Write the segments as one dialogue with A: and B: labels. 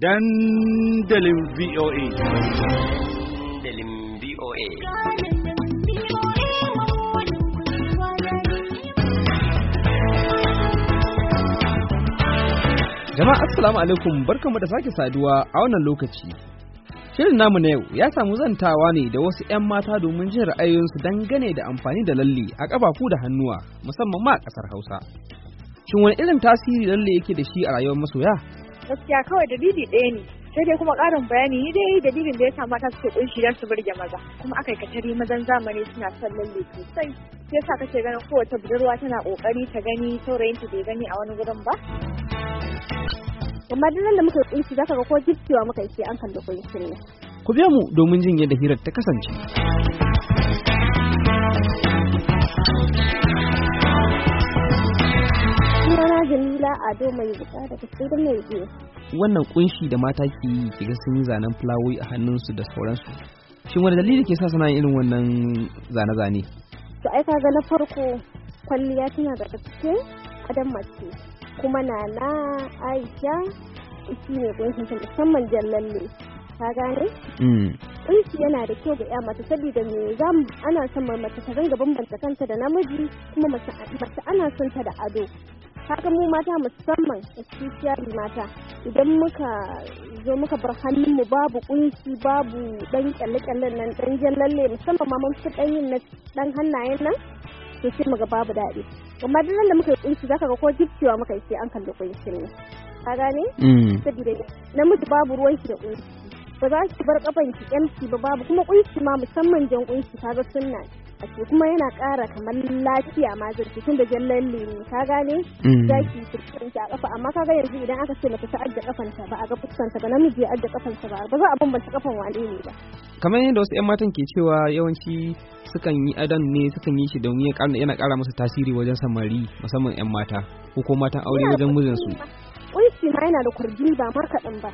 A: dandalin VOA. Dandalin VOA. Jama'a Assalamu alaikum barkanmu da sake saduwa a wannan lokaci. Shirin namu na yau ya samu zantawa ne da wasu 'yan mata domin jin ra'ayoyinsu dangane da amfani da lalle a ƙafafu da hannuwa musamman ma a ƙasar Hausa. Shin wani irin tasiri lalle yake da shi a rayuwar masoya?
B: gaskiya kawai dalili ɗaya ne sai dai kuma ƙarin bayani ni dai dalilin da ya sa mata suke kunshi don su burge maza kuma aka katari mazan zamani suna son lalle sosai sai yasa kace ganin kowace budurwa tana ƙoƙari ta
C: gani saurayinta bai gani a wani wurin ba amma duk da muka kunshi ka ga ko giftewa muka yi an kalli kunshi ne
A: ku biya mu domin jin yadda hirar ta kasance
C: ado mai wuta daga tsoro mai biyu. Wannan kunshi
A: da mata ke yi ga sun yi zanen fulawoyi a hannunsu da sauransu. Shin wani dalili ke sa suna yin irin wannan zane-zane?
C: To ai kaga na farko kwalliya tana daga cikin adam mace kuma na na Aisha shi ne kunshin ta musamman jallalle. Ka gane? Kunshi mm. yana da kyau ga ya mace saboda me za ana son mace ta ringa bambanta kanta da namiji kuma mace ana son ta da ado. kaga mu mata musamman especially mata idan muka zo muka bar hannun mu babu kunshi babu dan kyalle-kyalle nan dan jallalle musamman ma mun fi dan yin dan hannayen nan to sai mu babu daɗi amma duk da muka yi kunshi zaka ga ko gifcewa muka yi sai an kalli kunshin ne ka gane mm. saboda namiji babu ruwan shi da kunshi ba za ki bar kafan ki ba babu kuma kunshi ma musamman jan kunshi kaga sunna ake kuma yana ƙara kamar lafiya ma zirki tun da jallan lemu ka gane mm. zaki fuskanta a kafa amma ka ga yanzu idan aka ce mata ta ajiye kafanta ba a ga fuskanta ba namiji ya ajiye kafanta ba ba za a bambanta kafan wane ne ba
A: kamar yadda wasu 'yan matan ke cewa yawanci sukan yi adon ne sukan yi shi domin yana ƙara masa tasiri wajen samari musamman 'yan mata ko ko matan aure wajen mijinsu
C: kunshi ma yana da kurji ba ma kaɗan ba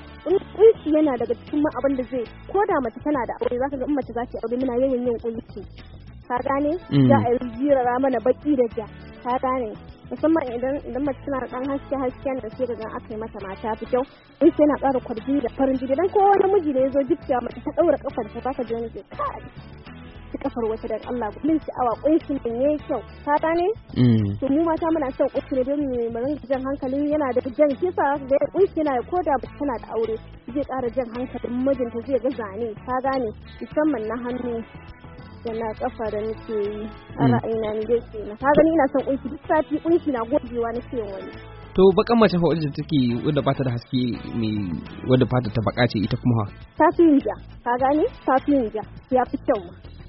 C: kunshi yana daga cikin ma abin da zai ko da mace tana da aure za ka ga mace za ta aure muna yawan yin kunshi ka gane mm. za a yi jirara mana baki da ja ka gane musamman idan idan mace tana da dan haske haske da sai ga aka yi mata mata fi kyau in sai na ƙara kwarji da farin jini dan kowa namiji ne yazo gifta mace ta daura kafar ta baka jini ke kai ki kafar wata da Allah gumin sha'awa kunshin ne yayi kyau ka gane mm. to mu mata muna son kunshi ne don mu rinka jan hankali yana da jan kisa da kunshi yana koda ba tana da aure zai ƙara jan hankalin mijinta zai ga zane ka gane musamman na hannu da kafa da nake yi a hmm. ra'ayina ni dai kenan ka gani ina son kunshi duk sati kunshi na gogewa na ce wani
A: to bakan mace fa da take wanda bata da haske mai wanda bata ta baka ce ita kuma ha
C: ta yin ja ka gani ta yin ja ya fi kyau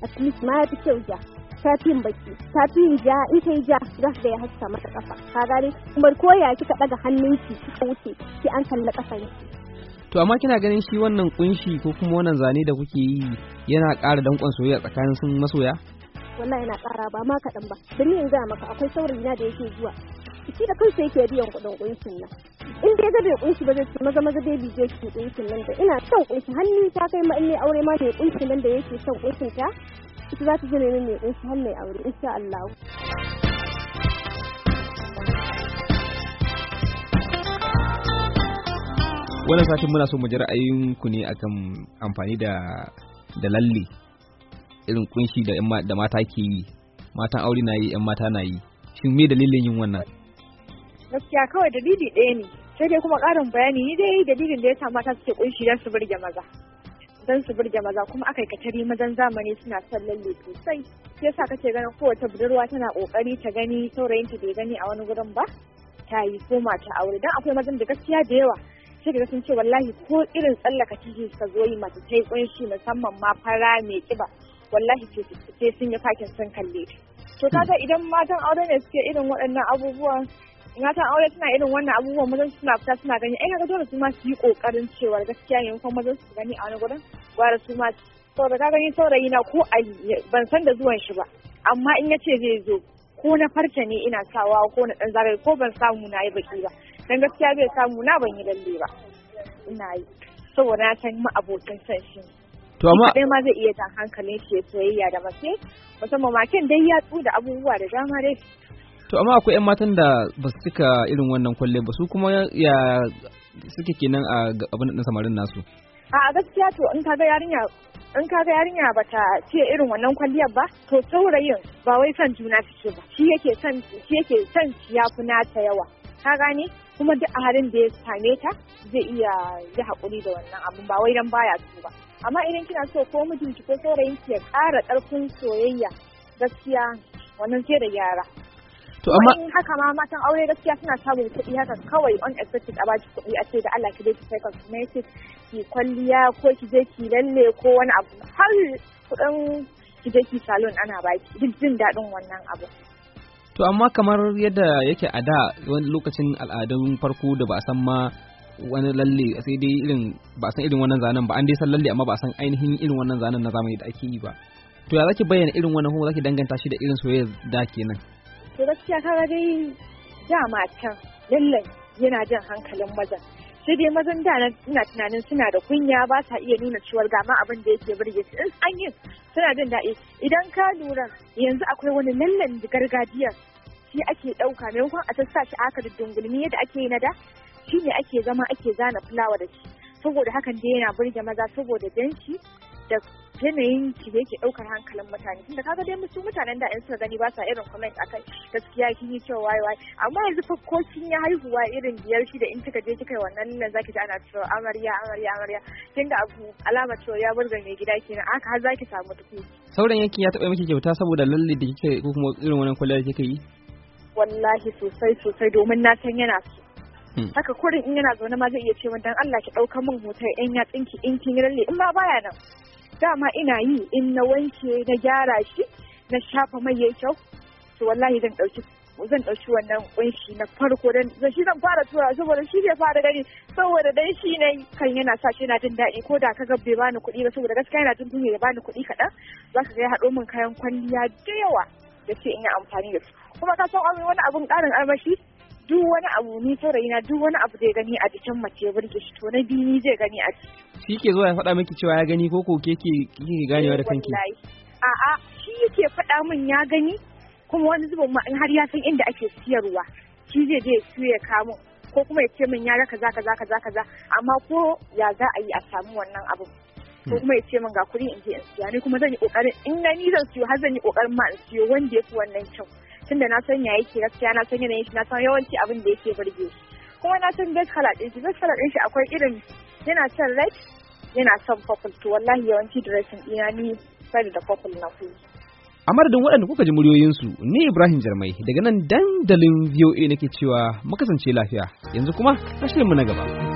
C: at least ma ya fi kyau ja ta yin baki ta yin ja in ta yi ja za ka ya haska mata kafa ka gane kuma ko ya kika daga hannunki kika wuce ki an kalla kafanki
A: to amma kina ganin shi wannan kunshi ko kuma wannan zane da kuke yi yana ƙara danƙon soyayya tsakanin sun masoya
C: wallahi yana ƙara ba ma kaɗan ba dan yin ga maka akwai saurayi na da yake zuwa shi da kansa yake biyan kuɗin kunshin nan in dai ga bai kunshi ba zai ce maza maza dai bi zai ki kunshin nan da ina son kunshi hannu ta kai ma in ne aure ma ne kunshin nan da yake son kunshin ta ita za ta je ne mai kunshi har mai aure insha Allah wannan
A: satin muna so mu ji ra'ayin ku ne akan amfani da da lalle irin kunshi da da mata ke yi matan aure na yi yan mata na yi shin me dalilin yin wannan
B: gaskiya kawai dalili ɗaya ne sai dai kuma karin bayani ni dai dalilin da ya sa mata suke kunshi don su burge maza don su burge maza kuma akai katari mazan zamani suna son lalle sosai sai yasa kace ganin kowace budurwa tana kokari ta gani saurayinta bai gani a wani gurin ba ta yi koma ta aure dan akwai mazan da gaskiya da yawa sai da sun ce wallahi ko irin tsallaka ciki ka zo yi mata ta yi kunshi musamman ma fara mai kiba wallahi sai sun yi fakin sun kalle to kaga idan matan aure ne suke irin waɗannan abubuwan matan aure suna irin wannan abubuwan mazan suna fita suna gani ai kaga dole su ma su yi kokarin cewa gaskiya ne kuma mazan su gani a wani gurin gwara su ma saboda ka gani saurayi na ko ban san da zuwan shi ba amma in yace zai zo ko na farce ne ina sawa ko na dan zagaye ko ban samu na yi baki ba dan gaskiya bai samu na ban yi lalle ba ina yi saboda na san mu abokin san shi to amma dai ma zai iya jan hankalin shi ke soyayya da mace musamman ma kin dai ya tsu da abubuwa da dama dai
A: to amma akwai yan matan da ba su cika irin wannan kwalle ba su kuma ya suke kenan a abin da samarin nasu
B: a gaskiya to in kaga yarinya in kaga yarinya bata ce irin wannan kwalliyar ba to saurayin ba wai son juna take ba shi yake son shi yake san ya fi nata yawa ka gane kuma duk a halin da ya same ta zai iya yi haƙuri da wannan abin ba wai dan baya so ba amma idan kina so ko mijinki ko ki ya kara ƙarfin soyayya gaskiya wannan sai da gyara to amma in haka ma matan aure gaskiya suna samun kuɗi haka kawai on a baki kuɗi a ce da Allah ki je ki sai cosmetic ki kwalliya ko ki je ki lalle ko wani abu har kuɗin ki je ki salon ana baki duk jin daɗin wannan abu
A: to amma kamar yadda yake a da wani lokacin al'adun farko da ba a san ma wani lalle sai dai irin ba a san irin wannan zanen ba an dai san lalle amma ba a san ainihin irin wannan zanen na zamani da ake yi ba to ya zaki bayyana irin wannan kuma zaki danganta shi da irin soyayya da kenan
C: to gaskiya kaga dai
B: da matan lallan yana jan hankalin maza sai dai mazan da ina tunanin suna da kunya ba sa iya nuna cewar gama abin da yake burge su in an yi suna jin daɗi idan ka lura yanzu akwai wani lallan gargajiyar shi ake ɗauka maimakon a sassa shi aka da dungulmi yadda ake yi na da shi ne ake zama ake zana fulawa da shi saboda hakan dai yana burge maza saboda danshi da yanayin shi da yake ɗaukar hankalin mutane tunda kaga dai musu mutanen da in suka gani ba sa irin comment akan gaskiya kin yi cewa wai wai amma yanzu fa ko kin yi haihuwa irin biyar shi da in kika je kika yi wannan nan zaki ji ana cewa amarya amarya amarya kin abu alama cewa ya burga mai gida kenan aka har zaki samu tukuyi
A: sauran yankin ya taɓa miki kyauta saboda lalle da kike ko kuma irin wannan kwalliya da kike yi
B: wallahi sosai sosai domin na san yana so hmm. haka kurin in yana zaune ma zai iya cewa dan Allah ki ɗauka min hoton yan tsinki in kin ralle in ma baya nan dama ina yi in na wanke na gyara shi na shafa mai yayi kyau to wallahi zan ɗauki zan ɗauki wannan kunshi na farko dan zan shi zan fara tura saboda shi zai fara gani saboda dan shi ne kan yana sa shi yana jin daɗi ko da kaga bai bani kuɗi ba saboda gaskiya yana jin duniya ya bani kuɗi kaɗan zaka ga ya haɗo min kayan kwalliya da yawa da ce in yi amfani da su kuma ka san aure wani abun ƙarin armashi duk wani abu ni ta raina duk wani abu zai gani a jikin mace ya burge shi to na biyu ni zai gani a jiki.
A: shi ke zuwa ya faɗa miki cewa ya gani ko ko ke ke ganewa da eh, kanki
B: a'a shi yake faɗa min ya gani kuma wani zubin ma in har ya san inda ake siyarwa shi zai je ya siyo ya kamo ko kuma ya ce min ya ga kaza kaza kaza kaza amma ko ya za a yi a samu wannan abu ko kuma ya ce min ga kuɗi in je in siya ni kuma zan yi kokarin in na ni zan siyo har zan yi kokarin ma in siyo wanda ya fi wannan kyau tunda na san ya yake gaskiya na san yanayin shi na san yawanci abin da yake burge shi kuma na san best color shi best color shi akwai irin yana son red yana son purple to wallahi yawanci dressing ɗina ni fari da purple na fi.
A: a madadin waɗanda kuka ji muryoyinsu ni ibrahim jarmai daga nan dandalin voa nake cewa makasance lafiya yanzu kuma shirin mu na gaba.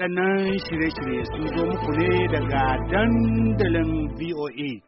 B: waɗannan shirye-shirye sun zo muku ne daga
A: dandalin VOA.